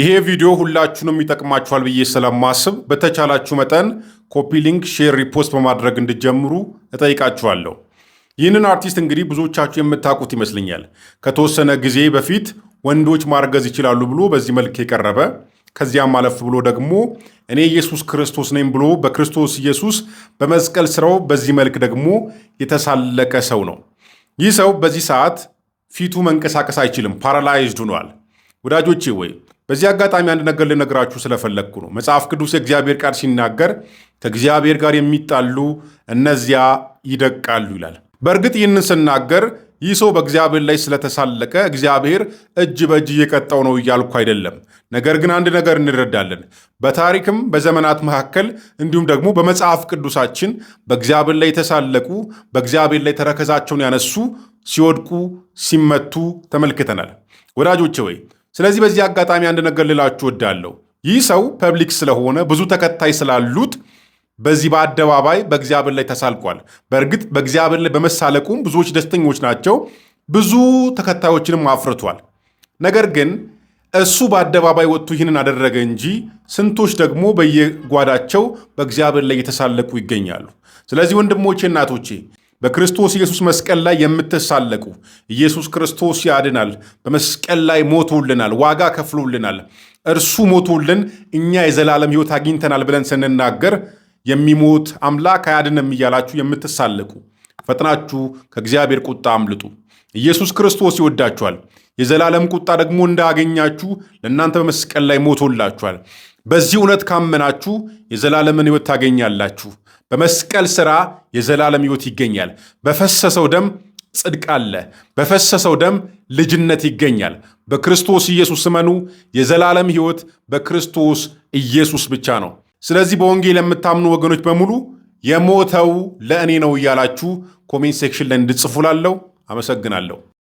ይሄ ቪዲዮ ሁላችሁንም ይጠቅማችኋል ብዬ ስለማስብ በተቻላችሁ መጠን ኮፒ፣ ሊንክ፣ ሼር፣ ሪፖስት በማድረግ እንድጀምሩ እጠይቃችኋለሁ። ይህንን አርቲስት እንግዲህ ብዙዎቻችሁ የምታውቁት ይመስለኛል። ከተወሰነ ጊዜ በፊት ወንዶች ማርገዝ ይችላሉ ብሎ በዚህ መልክ የቀረበ ከዚያም አለፍ ብሎ ደግሞ እኔ ኢየሱስ ክርስቶስ ነኝ ብሎ በክርስቶስ ኢየሱስ በመስቀል ስራው በዚህ መልክ ደግሞ የተሳለቀ ሰው ነው። ይህ ሰው በዚህ ሰዓት ፊቱ መንቀሳቀስ አይችልም፣ ፓራላይዝድ ሆኗል። ወዳጆቼ ወይ በዚህ አጋጣሚ አንድ ነገር ልነግራችሁ ስለፈለግኩ ነው። መጽሐፍ ቅዱስ የእግዚአብሔር ቃል ሲናገር ከእግዚአብሔር ጋር የሚጣሉ እነዚያ ይደቃሉ ይላል። በእርግጥ ይህንን ስናገር ይህ ሰው በእግዚአብሔር ላይ ስለተሳለቀ እግዚአብሔር እጅ በእጅ እየቀጣው ነው እያልኩ አይደለም። ነገር ግን አንድ ነገር እንረዳለን። በታሪክም በዘመናት መካከል እንዲሁም ደግሞ በመጽሐፍ ቅዱሳችን በእግዚአብሔር ላይ የተሳለቁ በእግዚአብሔር ላይ ተረከዛቸውን ያነሱ ሲወድቁ፣ ሲመቱ ተመልክተናል። ወዳጆቼ ወይ ስለዚህ በዚህ አጋጣሚ አንድ ነገር ልላችሁ ወዳለሁ ይህ ሰው ፐብሊክ ስለሆነ ብዙ ተከታይ ስላሉት በዚህ በአደባባይ በእግዚአብሔር ላይ ተሳልቋል። በእርግጥ በእግዚአብሔር ላይ በመሳለቁም ብዙዎች ደስተኞች ናቸው። ብዙ ተከታዮችንም አፍርቷል። ነገር ግን እሱ በአደባባይ ወጥቶ ይህንን አደረገ እንጂ ስንቶች ደግሞ በየጓዳቸው በእግዚአብሔር ላይ እየተሳለቁ ይገኛሉ። ስለዚህ ወንድሞቼ እናቶቼ በክርስቶስ ኢየሱስ መስቀል ላይ የምትሳለቁ ኢየሱስ ክርስቶስ ያድናል። በመስቀል ላይ ሞቶልናል፣ ዋጋ ከፍሎልናል። እርሱ ሞቶልን እኛ የዘላለም ሕይወት አግኝተናል ብለን ስንናገር የሚሞት አምላክ አያድንም እያላችሁ የምትሳለቁ ፈጥናችሁ ከእግዚአብሔር ቁጣ አምልጡ። ኢየሱስ ክርስቶስ ይወዳችኋል። የዘላለም ቁጣ ደግሞ እንዳያገኛችሁ ለእናንተ በመስቀል ላይ ሞቶላችኋል። በዚህ እውነት ካመናችሁ የዘላለምን ሕይወት ታገኛላችሁ። በመስቀል ሥራ የዘላለም ሕይወት ይገኛል። በፈሰሰው ደም ጽድቅ አለ። በፈሰሰው ደም ልጅነት ይገኛል። በክርስቶስ ኢየሱስ እመኑ። የዘላለም ሕይወት በክርስቶስ ኢየሱስ ብቻ ነው። ስለዚህ በወንጌል የምታምኑ ወገኖች በሙሉ የሞተው ለእኔ ነው እያላችሁ ኮሜንት ሴክሽን ላይ እንድጽፉላለሁ። አመሰግናለሁ።